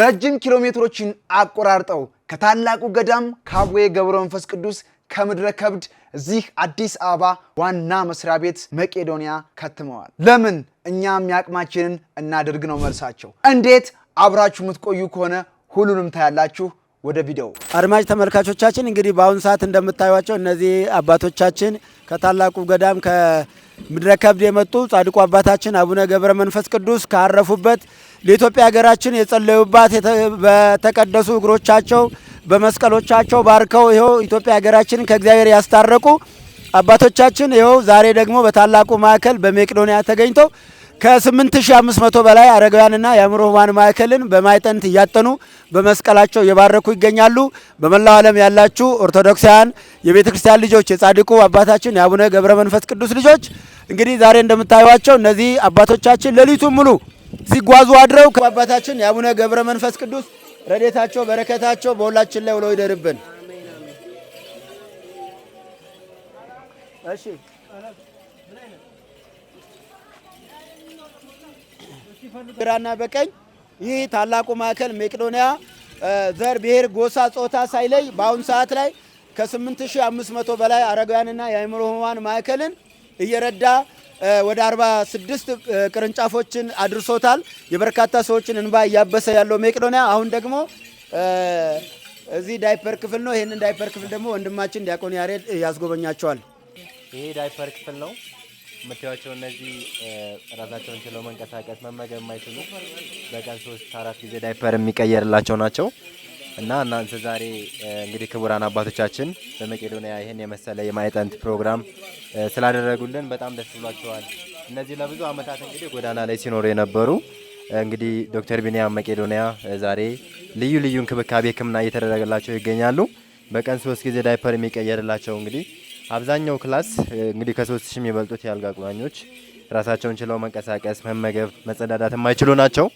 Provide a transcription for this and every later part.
ረጅም ኪሎ ሜትሮችን አቆራርጠው ከታላቁ ገዳም ከአቡነ ገብረ መንፈስ ቅዱስ ከምድረ ከብድ እዚህ አዲስ አበባ ዋና መስሪያ ቤት መቄዶንያ ከትመዋል። ለምን እኛም የአቅማችንን እናድርግ ነው መልሳቸው። እንዴት አብራችሁ የምትቆዩ ከሆነ ሁሉንም ታያላችሁ። ወደ ቪዲዮ አድማጭ ተመልካቾቻችን እንግዲህ በአሁኑ ሰዓት እንደምታዩቸው እነዚህ አባቶቻችን ከታላቁ ገዳም ከምድረ ከብድ የመጡ ጻድቁ አባታችን አቡነ ገብረ መንፈስ ቅዱስ ካረፉበት ለኢትዮጵያ ሀገራችን የጸለዩባት በተቀደሱ እግሮቻቸው በመስቀሎቻቸው ባርከው ይኸው ኢትዮጵያ ሀገራችን ከእግዚአብሔር ያስታረቁ አባቶቻችን ይኸው ዛሬ ደግሞ በታላቁ ማዕከል በመቄዶንያ ተገኝተው ከ8500 በላይ አረጋውያንና የአእምሮ ሕሙማን ማዕከልን በማይጠንት እያጠኑ በመስቀላቸው እየባረኩ ይገኛሉ። በመላው ዓለም ያላችሁ ኦርቶዶክሳውያን የቤተ ክርስቲያን ልጆች የጻድቁ አባታችን የአቡነ ገብረ መንፈስ ቅዱስ ልጆች እንግዲህ ዛሬ እንደምታዩቸው እነዚህ አባቶቻችን ሌሊቱ ሙሉ ሲጓዙ አድረው አባታችን የአቡነ ገብረ መንፈስ ቅዱስ ረዴታቸው በረከታቸው በሁላችን ላይ ውለው ይደርብን። እሺ ግራና በቀኝ ይህ ታላቁ ማዕከል መቄዶንያ ዘር፣ ብሔር፣ ጎሳ፣ ጾታ ሳይለይ በአሁኑ ሰዓት ላይ ከ8500 በላይ አረጋውያንና የአእምሮ ህሙማን ማዕከልን እየረዳ ወደ 46 ቅርንጫፎችን አድርሶታል። የበርካታ ሰዎችን እንባ እያበሰ ያለው መቄዶንያ አሁን ደግሞ እዚህ ዳይፐር ክፍል ነው። ይህንን ዳይፐር ክፍል ደግሞ ወንድማችን ዲያቆን ያሬድ ያስጎበኛቸዋል። ይሄ ዳይፐር ክፍል ነው የምታዩቸው። እነዚህ ራሳቸውን ችለው መንቀሳቀስ መመገብ የማይችሉ በቀን ሶስት አራት ጊዜ ዳይፐር የሚቀየርላቸው ናቸው። እና እናንተ ዛሬ እንግዲህ ክቡራን አባቶቻችን በመቄዶንያ ይህን የመሰለ የማዕጠንት ፕሮግራም ስላደረጉልን በጣም ደስ ብሏቸዋል። እነዚህ ለብዙ ዓመታት እንግዲህ ጎዳና ላይ ሲኖሩ የነበሩ እንግዲህ ዶክተር ቢንያም መቄዶንያ ዛሬ ልዩ ልዩ እንክብካቤ ሕክምና እየተደረገላቸው ይገኛሉ። በቀን ሶስት ጊዜ ዳይፐር የሚቀየርላቸው እንግዲህ አብዛኛው ክላስ እንግዲህ ከሶስት ሺህ የሚበልጡት የአልጋ ቁራኞች ራሳቸውን ችለው መንቀሳቀስ፣ መመገብ፣ መጸዳዳት የማይችሉ ናቸው።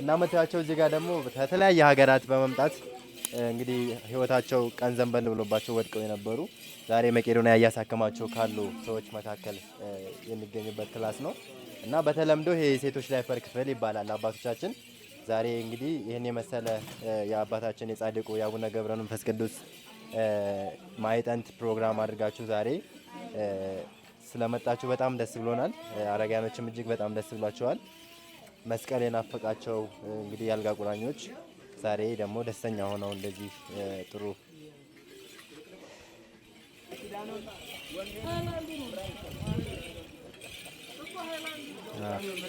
እናመታቸው። እዚህ ጋር ደግሞ ከተለያየ ሀገራት በመምጣት እንግዲህ ህይወታቸው ቀን ዘንበል ብሎባቸው ወድቀው የነበሩ ዛሬ መቄዶንያ እያሳከማቸው ካሉ ሰዎች መካከል የሚገኙበት ክላስ ነው እና በተለምዶ ይሄ የሴቶች ላይፈር ክፍል ይባላል። አባቶቻችን ዛሬ እንግዲህ ይህን የመሰለ የአባታችን የጻድቁ የአቡነ ገብረ መንፈስ ቅዱስ ማይጠንት ፕሮግራም አድርጋችሁ ዛሬ ስለመጣችሁ በጣም ደስ ብሎናል። አረጋያኖችም እጅግ በጣም ደስ ብሏቸዋል። መስቀል የናፈቃቸው እንግዲህ ያልጋ ቁራኞች ዛሬ ደግሞ ደስተኛ ሆነው እንደዚህ ጥሩ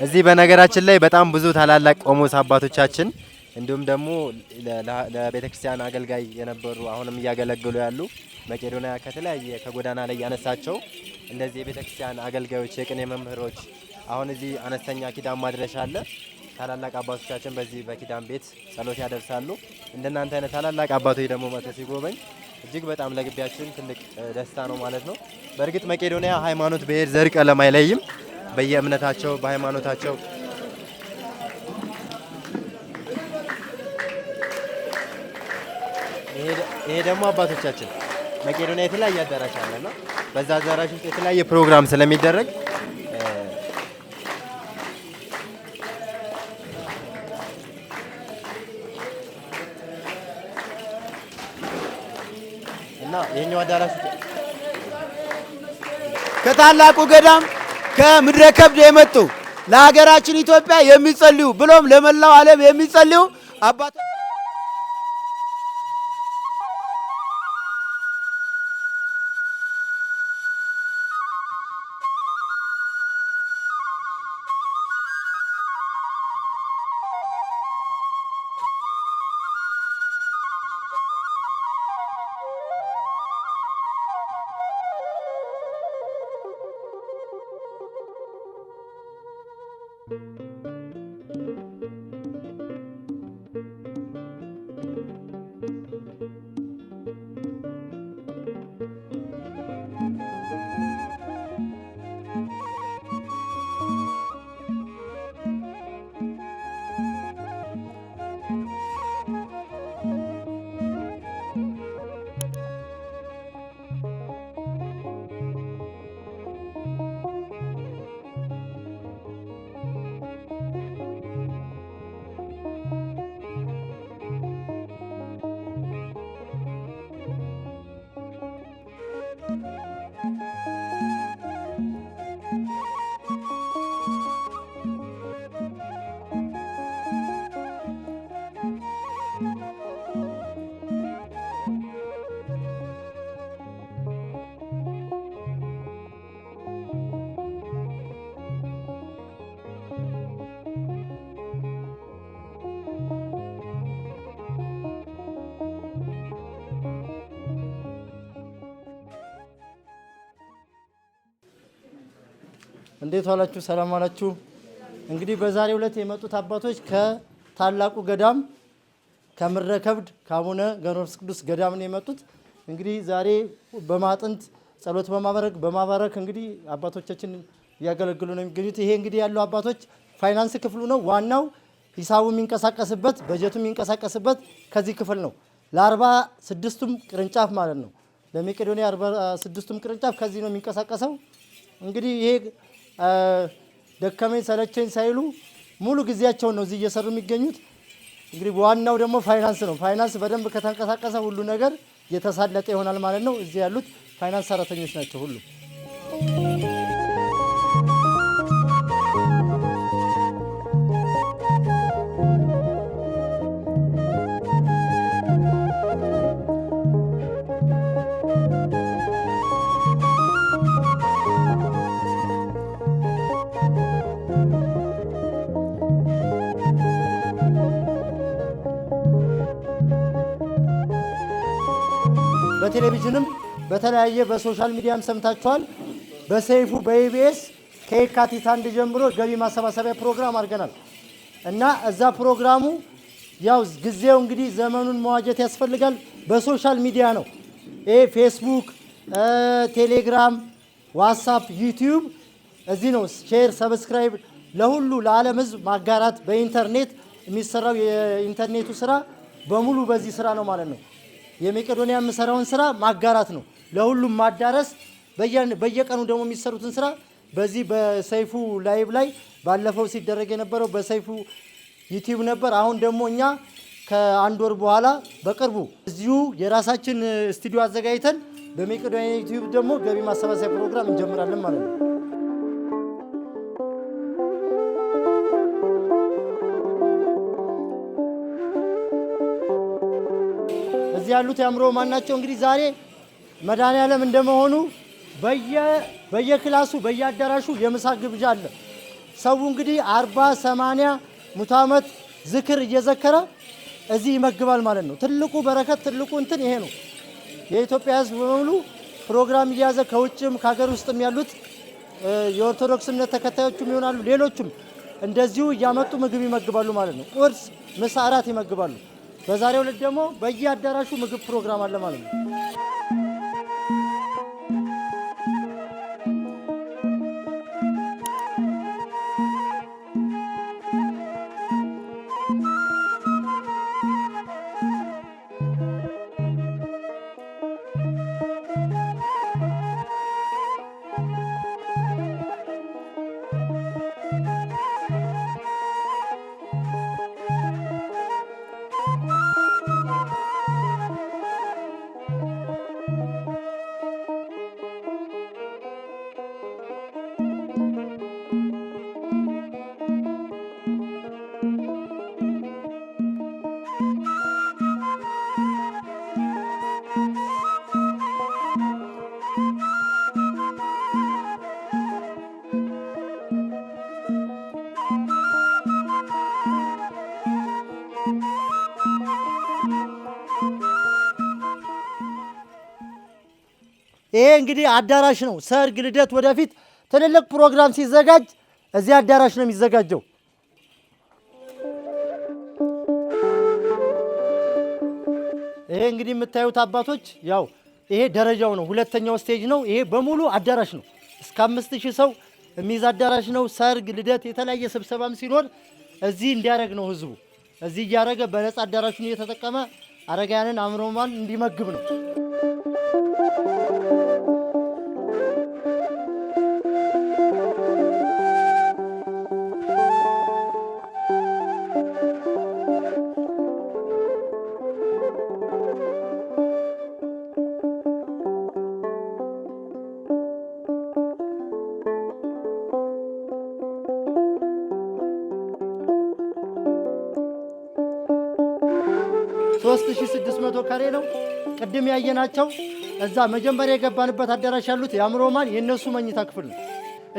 እዚህ በነገራችን ላይ በጣም ብዙ ታላላቅ ቆሞስ አባቶቻችን እንዲሁም ደግሞ ለቤተ ክርስቲያን አገልጋይ የነበሩ አሁንም እያገለገሉ ያሉ መቄዶንያ ከተለያየ ከጎዳና ላይ ያነሳቸው እንደዚህ የቤተ ክርስቲያን አገልጋዮች፣ የቅኔ መምህሮች አሁን እዚህ አነስተኛ ኪዳን ማድረሻ አለ። ታላላቅ አባቶቻችን በዚህ በኪዳን ቤት ጸሎት ያደርሳሉ። እንደናንተ አይነት ታላላቅ አባቶች ደግሞ መቶ ሲጎበኝ እጅግ በጣም ለግቢያችን ትልቅ ደስታ ነው ማለት ነው። በእርግጥ መቄዶንያ ሃይማኖት፣ ብሔር፣ ዘር፣ ቀለም አይለይም። በየእምነታቸው በሃይማኖታቸው ይሄ ደግሞ አባቶቻችን መቄዶንያ የተለያየ አዳራሽ አለና በዛ አዳራሽ ውስጥ የተለያየ ፕሮግራም ስለሚደረግ በዛኛው አዳራሽ ከታላቁ ገዳም ከምድረ ከብድ የመጡ ለሀገራችን ኢትዮጵያ የሚጸልዩ ብሎም ለመላው ዓለም የሚጸልዩ አባቶች እንዴት ዋላችሁ? ሰላም ዋላችሁ? እንግዲህ በዛሬ ዕለት የመጡት አባቶች ከታላቁ ገዳም ከምድረ ከብድ ከአቡነ ገብረመንፈስ ቅዱስ ገዳም ነው የመጡት። እንግዲህ ዛሬ በማጥንት ጸሎት በማበረክ በማባረክ እንግዲህ አባቶቻችን እያገለግሉ ነው የሚገኙት። ይሄ እንግዲህ ያለው አባቶች ፋይናንስ ክፍሉ ነው ዋናው ሂሳቡ የሚንቀሳቀስበት በጀቱ የሚንቀሳቀስበት ከዚህ ክፍል ነው። ለአርባ ስድስቱም ቅርንጫፍ ማለት ነው። ለመቄዶንያ አርባ ስድስቱም ቅርንጫፍ ከዚህ ነው የሚንቀሳቀሰው እንግዲህ ይሄ ደከመኝ ሰለቸኝ ሳይሉ ሙሉ ጊዜያቸውን ነው እዚህ እየሰሩ የሚገኙት። እንግዲህ ዋናው ደግሞ ፋይናንስ ነው። ፋይናንስ በደንብ ከተንቀሳቀሰ ሁሉ ነገር የተሳለጠ ይሆናል ማለት ነው። እዚህ ያሉት ፋይናንስ ሰራተኞች ናቸው ሁሉ በተለያየ በሶሻል ሚዲያም ሰምታችኋል። በሰይፉ በኢቢኤስ ከየካቲት አንድ ጀምሮ ገቢ ማሰባሰቢያ ፕሮግራም አድርገናል እና እዛ ፕሮግራሙ ያው ጊዜው እንግዲህ ዘመኑን መዋጀት ያስፈልጋል። በሶሻል ሚዲያ ነው ይሄ ፌስቡክ፣ ቴሌግራም፣ ዋትሳፕ፣ ዩቲዩብ እዚህ ነው ሼር፣ ሰብስክራይብ ለሁሉ ለዓለም ሕዝብ ማጋራት በኢንተርኔት የሚሰራው የኢንተርኔቱ ስራ በሙሉ በዚህ ስራ ነው ማለት ነው። የመቄዶንያ የምሰራውን ስራ ማጋራት ነው። ለሁሉም ማዳረስ በየቀኑ ደግሞ የሚሰሩትን ስራ በዚህ በሰይፉ ላይቭ ላይ ባለፈው ሲደረግ የነበረው በሰይፉ ዩቲዩብ ነበር። አሁን ደግሞ እኛ ከአንድ ወር በኋላ በቅርቡ እዚሁ የራሳችን ስቱዲዮ አዘጋጅተን በሜቄዶንያ ዩቲዩብ ደግሞ ገቢ ማሰባሰቢያ ፕሮግራም እንጀምራለን ማለት ነው። እዚህ ያሉት የአእምሮ ማናቸው እንግዲህ ዛሬ መድኃኔዓለም እንደመሆኑ በየክላሱ በየአዳራሹ የምሳ ግብዣ አለ። ሰው እንግዲህ አርባ ሰማንያ ሙት ዓመት ዝክር እየዘከረ እዚህ ይመግባል ማለት ነው። ትልቁ በረከት ትልቁ እንትን ይሄ ነው። የኢትዮጵያ ሕዝብ በሙሉ ፕሮግራም እየያዘ ከውጭም ከሀገር ውስጥም ያሉት የኦርቶዶክስ እምነት ተከታዮችም ይሆናሉ፣ ሌሎችም እንደዚሁ እያመጡ ምግብ ይመግባሉ ማለት ነው። ቁርስ፣ ምሳ፣ እራት ይመግባሉ። በዛሬው ዕለት ደግሞ በየአዳራሹ ምግብ ፕሮግራም አለ ማለት ነው። ይሄ እንግዲህ አዳራሽ ነው። ሰርግ፣ ልደት፣ ወደፊት ትልልቅ ፕሮግራም ሲዘጋጅ እዚህ አዳራሽ ነው የሚዘጋጀው። ይሄ እንግዲህ የምታዩት አባቶች ያው ይሄ ደረጃው ነው። ሁለተኛው ስቴጅ ነው። ይሄ በሙሉ አዳራሽ ነው። እስከ አምስት ሺህ ሰው የሚይዝ አዳራሽ ነው። ሰርግ፣ ልደት፣ የተለያየ ስብሰባም ሲኖር እዚህ እንዲያደረግ ነው ህዝቡ። እዚህ እያደረገ በነፃ አዳራሹን እየተጠቀመ አረጋያንን አምሮማን እንዲመግብ ነው። ቅድም ያየናቸው እዛ መጀመሪያ የገባንበት አዳራሽ ያሉት የአእምሮ ማን የእነሱ መኝታ ክፍል ነው።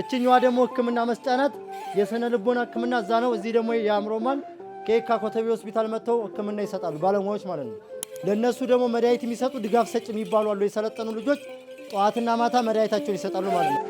እችኛዋ ደግሞ ህክምና መስጫ ናት። የስነ ልቦና ህክምና እዛ ነው። እዚህ ደግሞ የአእምሮ ማን ከየካ ኮተቤ ሆስፒታል መጥተው ህክምና ይሰጣሉ ባለሙያዎች ማለት ነው። ለእነሱ ደግሞ መድኃኒት የሚሰጡ ድጋፍ ሰጭ የሚባሉ አሉ። የሰለጠኑ ልጆች ጠዋትና ማታ መድኃኒታቸውን ይሰጣሉ ማለት ነው።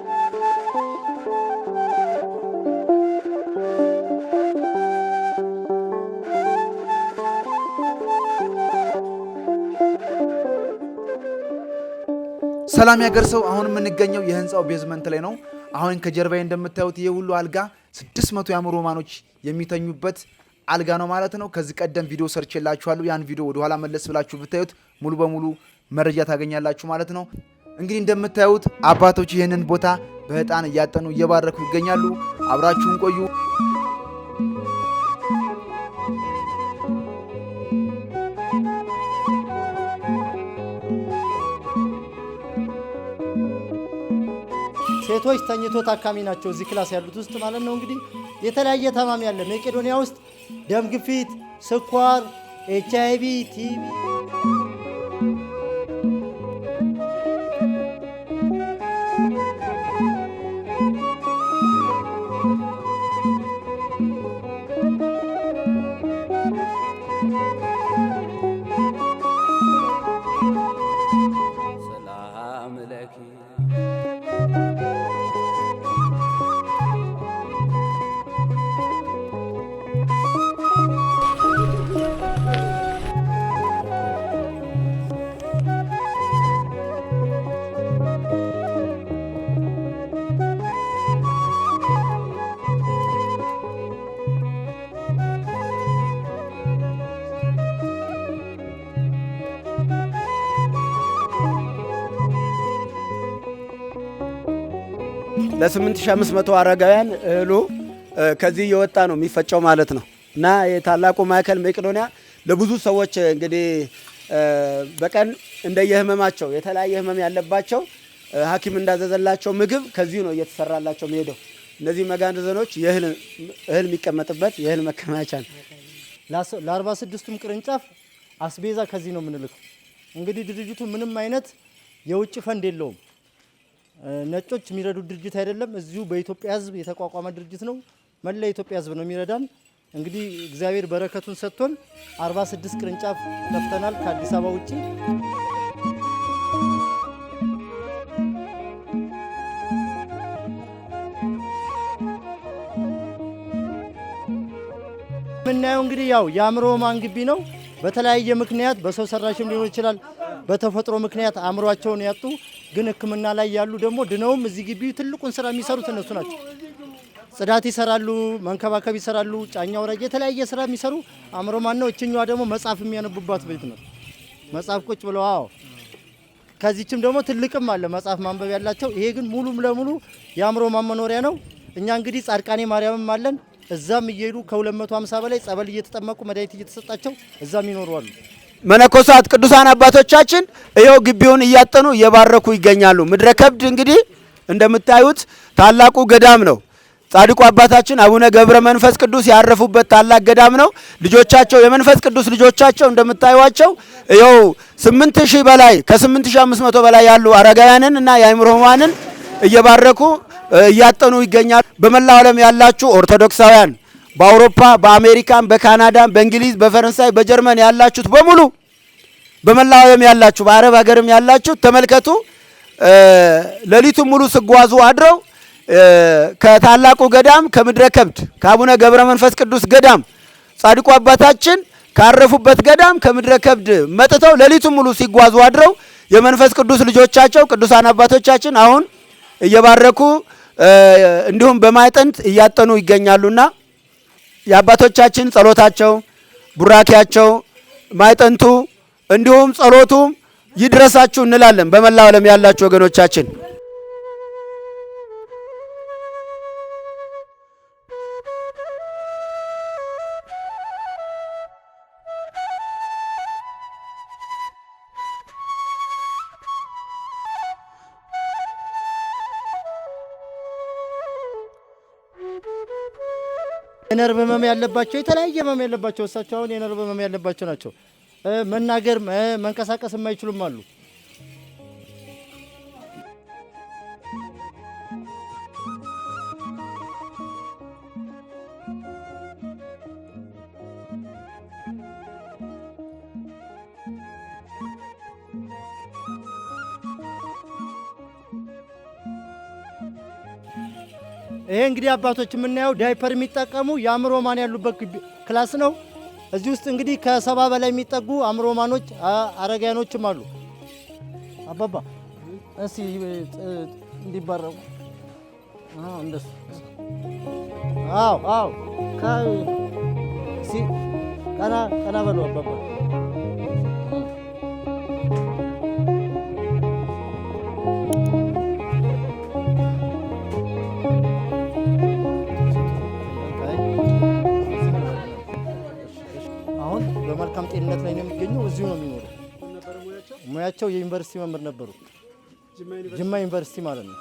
ሰላም ያገር ሰው አሁን የምንገኘው የህንፃው ቤዝመንት ላይ ነው። አሁን ከጀርባዬ እንደምታዩት ይህ ሁሉ አልጋ 600 ያም ሮማኖች የሚተኙበት አልጋ ነው ማለት ነው። ከዚህ ቀደም ቪዲዮ ሰርች ያን ቪዲዮ ወደኋላ መለስ ብላችሁ ብታዩት ሙሉ በሙሉ መረጃ ታገኛላችሁ ማለት ነው። እንግዲህ እንደምታዩት አባቶች ይህንን ቦታ በዕጣን እያጠኑ እየባረኩ ይገኛሉ። አብራችሁን ቆዩ። ቤቶች ተኝቶ ታካሚ ናቸው እዚህ ክላስ ያሉት ውስጥ ማለት ነው። እንግዲህ የተለያየ ታማሚ ያለ መቄዶንያ ውስጥ ደም ግፊት፣ ስኳር፣ ኤች አይ ቪ፣ ቲቪ ለ8500 አረጋውያን እህሉ ከዚህ እየወጣ ነው የሚፈጨው ማለት ነው። እና የታላቁ ማዕከል መቄዶንያ ለብዙ ሰዎች እንግዲህ በቀን እንደየህመማቸው የተለያየ ህመም ያለባቸው ሐኪም እንዳዘዘላቸው ምግብ ከዚሁ ነው እየተሰራላቸው የሚሄደው እነዚህ መጋዘኖች እህል የሚቀመጥበት የእህል መከማቻ ነው። ለአርባ ስድስቱም ቅርንጫፍ አስቤዛ ከዚህ ነው የምንልከው። እንግዲህ ድርጅቱ ምንም አይነት የውጭ ፈንድ የለውም። ነጮች የሚረዱት ድርጅት አይደለም። እዚሁ በኢትዮጵያ ሕዝብ የተቋቋመ ድርጅት ነው። መላ የኢትዮጵያ ሕዝብ ነው የሚረዳን። እንግዲህ እግዚአብሔር በረከቱን ሰጥቶን 46 ቅርንጫፍ ከፍተናል ከአዲስ አበባ ውጭ። የምናየው እንግዲህ ያው የአእምሮ ማን ግቢ ነው። በተለያየ ምክንያት በሰው ሰራሽም ሊሆን ይችላል በተፈጥሮ ምክንያት አእምሯቸውን ያጡ ግን ሕክምና ላይ ያሉ ደግሞ ድነውም እዚህ ግቢ ትልቁን ስራ የሚሰሩት እነሱ ናቸው። ጽዳት ይሰራሉ፣ መንከባከብ ይሰራሉ፣ ጫኛ ወራጅ፣ የተለያየ ስራ የሚሰሩ አእምሮ ማን ነው። እችኛዋ ደግሞ መጽሐፍ የሚያነቡባት ቤት ነው። መጽሐፍ ቁጭ ብለው አዎ። ከዚችም ደግሞ ትልቅም አለ መጽሐፍ ማንበብ ያላቸው። ይሄ ግን ሙሉ ለሙሉ የአእምሮ ማመኖሪያ ነው። እኛ እንግዲህ ጻድቃኔ ማርያምም አለን። እዛም እየሄዱ ከ250 በላይ ጸበል እየተጠመቁ መድኃኒት እየተሰጣቸው እዛም ይኖሩ አሉ። መነኮሳት ቅዱሳን አባቶቻችን ይኸው ግቢውን እያጠኑ እየባረኩ ይገኛሉ። ምድረ ከብድ እንግዲህ እንደምታዩት ታላቁ ገዳም ነው። ጻድቁ አባታችን አቡነ ገብረ መንፈስ ቅዱስ ያረፉበት ታላቅ ገዳም ነው። ልጆቻቸው የመንፈስ ቅዱስ ልጆቻቸው እንደምታዩቸው ይኸው ስምንት ሺህ በላይ ከስምንት ሺህ አምስት መቶ በላይ ያሉ አረጋውያንን እና የአእምሮ ሕሙማንን እየባረኩ እያጠኑ ይገኛሉ። በመላው ዓለም ያላችሁ ኦርቶዶክሳውያን በአውሮፓ በአሜሪካን በካናዳን በእንግሊዝ በፈረንሳይ በጀርመን ያላችሁት በሙሉ በመላው ዓለም ያላችሁ በአረብ ሀገርም ያላችሁ ተመልከቱ። ሌሊቱን ሙሉ ስጓዙ አድረው ከታላቁ ገዳም ከምድረ ከብድ ከአቡነ ገብረ መንፈስ ቅዱስ ገዳም ጻድቁ አባታችን ካረፉበት ገዳም ከምድረ ከብድ መጥተው ሌሊቱን ሙሉ ሲጓዙ አድረው የመንፈስ ቅዱስ ልጆቻቸው ቅዱሳን አባቶቻችን አሁን እየባረኩ እንዲሁም በማይጠንት እያጠኑ ይገኛሉና የአባቶቻችን ጸሎታቸው፣ ቡራኪያቸው፣ ማይጠንቱ እንዲሁም ጸሎቱ ይድረሳችሁ እንላለን። በመላው ዓለም ያላችሁ ወገኖቻችን የነርቭ ህመም ያለባቸው የተለያየ ህመም ያለባቸው እሳቸው አሁን የነርቭ ህመም ያለባቸው ናቸው። መናገር መንቀሳቀስ የማይችሉም አሉ። እንግዲህ አባቶች የምናየው ዳይፐር የሚጠቀሙ የአእምሮ ማን ያሉበት ክላስ ነው። እዚህ ውስጥ እንግዲህ ከሰባ በላይ የሚጠጉ አእምሮ ማኖች አረጋያኖችም አሉ። አባባ እስኪ እንዲባረቁ እንደሱ። ቀና ቀና በሉ አባባ መልካም ጤንነት ላይ ነው የሚገኘው። እዚሁ ነው የሚኖሩ። ሙያቸው የዩኒቨርሲቲ መምህር ነበሩ፣ ጅማ ዩኒቨርሲቲ ማለት ነው።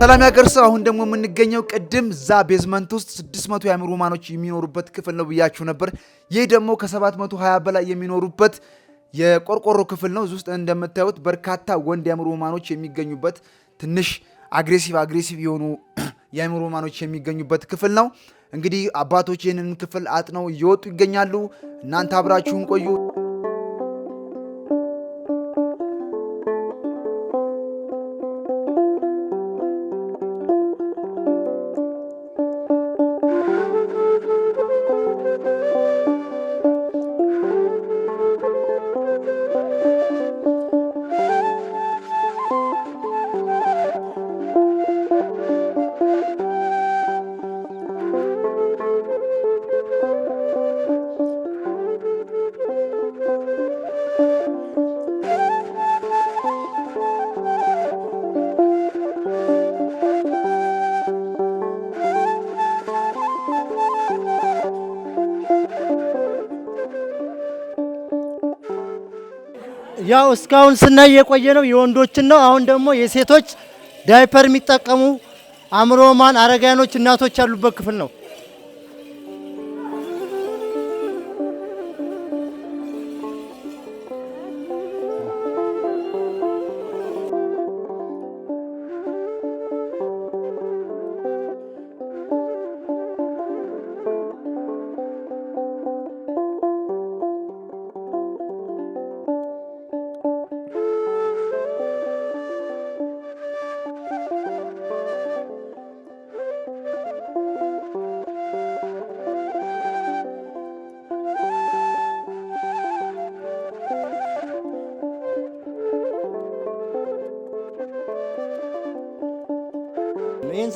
ሰላም ያገር ሰው። አሁን ደግሞ የምንገኘው ቅድም ዛ ቤዝመንት ውስጥ 600 የአእምሮ ህሙማኖች የሚኖሩበት ክፍል ነው ብያችሁ ነበር። ይህ ደግሞ ከ720 በላይ የሚኖሩበት የቆርቆሮ ክፍል ነው። እዚህ ውስጥ እንደምታዩት በርካታ ወንድ የአእምሮ ህሙማኖች የሚገኙበት ትንሽ አግሬሲቭ አግሬሲቭ የሆኑ የአእምሮ ህሙማኖች የሚገኙበት ክፍል ነው። እንግዲህ አባቶች ይህንን ክፍል አጥነው እየወጡ ይገኛሉ። እናንተ አብራችሁን ቆዩ። ያው እስካሁን ስናይ የቆየ ነው የወንዶችን ነው። አሁን ደግሞ የሴቶች ዳይፐር የሚጠቀሙ አምሮማን አረጋኖች እናቶች ያሉበት ክፍል ነው።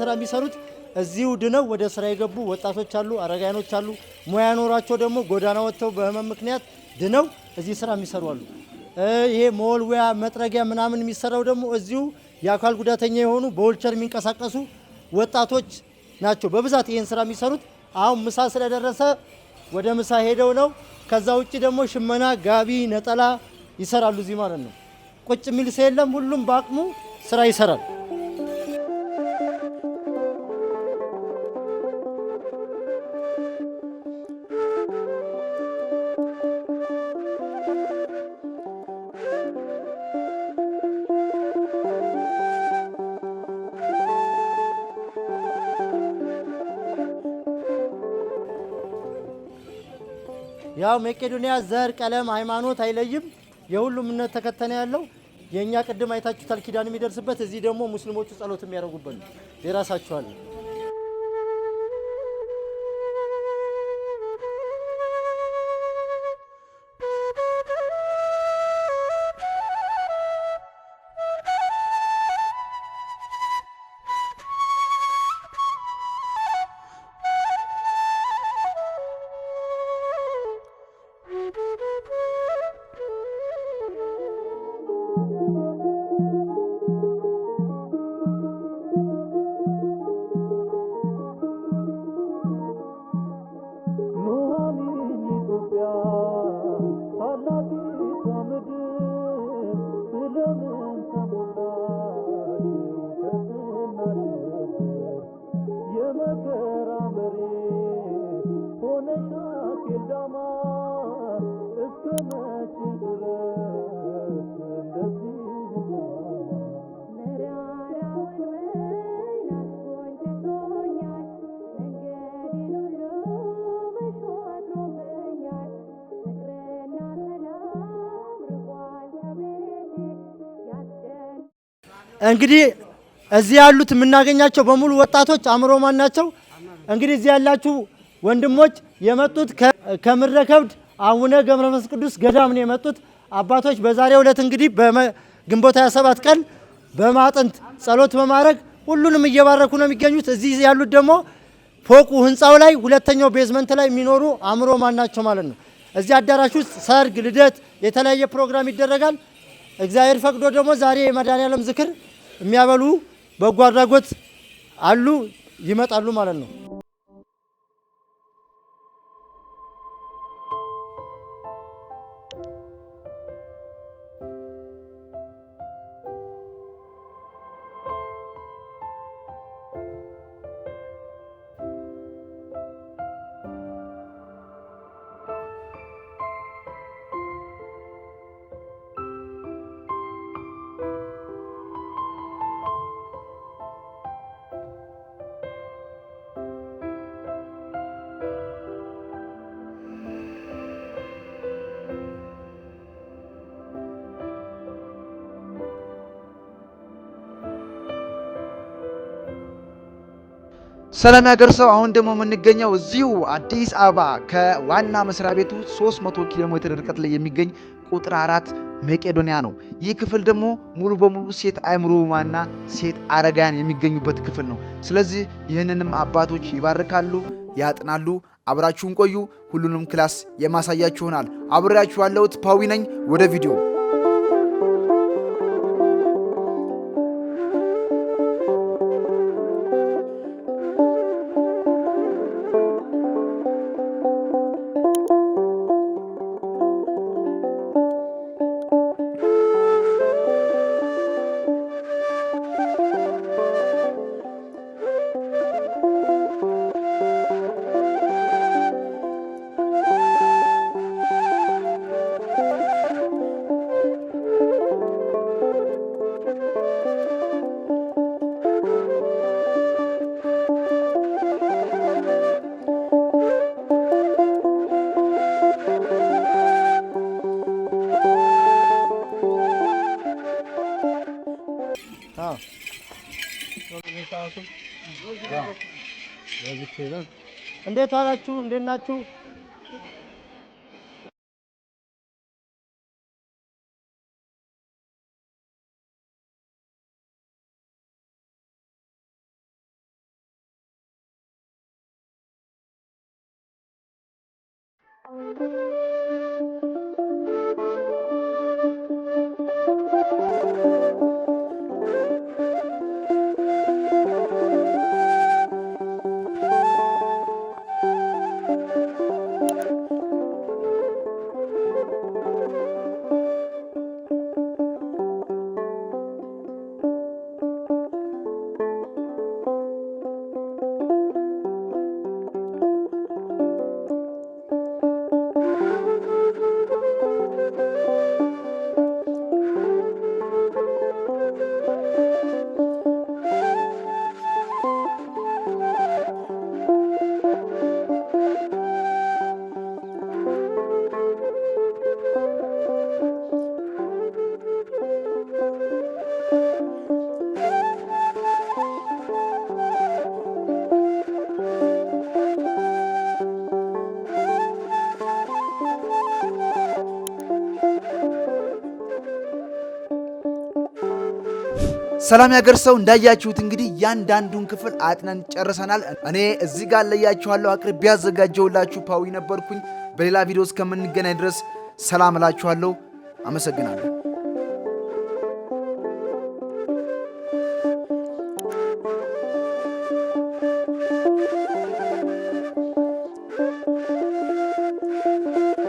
ስራ የሚሰሩት እዚሁ ድነው ወደ ስራ የገቡ ወጣቶች አሉ፣ አረጋኖች አሉ። ሙያ ኖሯቸው ደግሞ ጎዳና ወጥተው በህመም ምክንያት ድነው እዚህ ስራ የሚሰሩ አሉ። ይሄ መወልወያ መጥረጊያ ምናምን የሚሰራው ደግሞ እዚሁ የአካል ጉዳተኛ የሆኑ በወልቸር የሚንቀሳቀሱ ወጣቶች ናቸው በብዛት ይህን ስራ የሚሰሩት። አሁን ምሳ ስለደረሰ ወደ ምሳ ሄደው ነው። ከዛ ውጭ ደግሞ ሽመና፣ ጋቢ፣ ነጠላ ይሰራሉ እዚህ ማለት ነው። ቁጭ የሚል ሰው የለም። ሁሉም በአቅሙ ስራ ይሰራል። ያው መቄዶንያ ዘር፣ ቀለም፣ ሃይማኖት አይለይም። የሁሉም እምነት ተከተነ ያለው የእኛ ቅድም አይታችሁ ታልኪዳን የሚደርስበት እዚህ ደግሞ ሙስሊሞቹ ጸሎት የሚያደርጉበት ነው። የራሳችኋል እንግዲህ እዚህ ያሉት የምናገኛቸው በሙሉ ወጣቶች አእምሮማን ናቸው። እንግዲህ እዚህ ያላችሁ ወንድሞች የመጡት ከምድረ ከብድ አቡነ ገብረ መንፈስ ቅዱስ ገዳም ነው የመጡት አባቶች። በዛሬው ዕለት እንግዲህ በግንቦት 27 ቀን በማጥንት ጸሎት በማድረግ ሁሉንም እየባረኩ ነው የሚገኙት። እዚህ ያሉት ደግሞ ፎቁ ህንፃው ላይ ሁለተኛው ቤዝመንት ላይ የሚኖሩ አእምሮማን ናቸው ማለት ነው። እዚህ አዳራሽ ውስጥ ሰርግ፣ ልደት፣ የተለያየ ፕሮግራም ይደረጋል። እግዚአብሔር ፈቅዶ ደግሞ ዛሬ የመድኃኔዓለም ዝክር የሚያበሉ በጎ አድራጎት አሉ፣ ይመጣሉ ማለት ነው። ያገር ሰው አሁን ደግሞ የምንገኘው እዚሁ አዲስ አበባ ከዋና መስሪያ ቤቱ 300 ኪሎ ሜትር ርቀት ላይ የሚገኝ ቁጥር አራት መቄዶንያ ነው። ይህ ክፍል ደግሞ ሙሉ በሙሉ ሴት አእምሮ ሕሙማንና ሴት አረጋውያን የሚገኙበት ክፍል ነው። ስለዚህ ይህንንም አባቶች ይባርካሉ፣ ያጥናሉ። አብራችሁን ቆዩ። ሁሉንም ክላስ የማሳያችሁ ይሆናል። አብሬያችሁ ያለሁት ፓዊ ነኝ። ወደ ቪዲዮ እንዴት ዋላችሁ? እንዴት ናችሁ? ሰላም ያገር ሰው እንዳያችሁት እንግዲህ ያንዳንዱን ክፍል አጥነን ጨርሰናል። እኔ እዚህ ጋር ለያችኋለሁ። አቅርቤ ያዘጋጀውላችሁ ፓዊ ነበርኩኝ። በሌላ ቪዲዮ እስከምንገናኝ ድረስ ሰላም እላችኋለሁ። አመሰግናለሁ።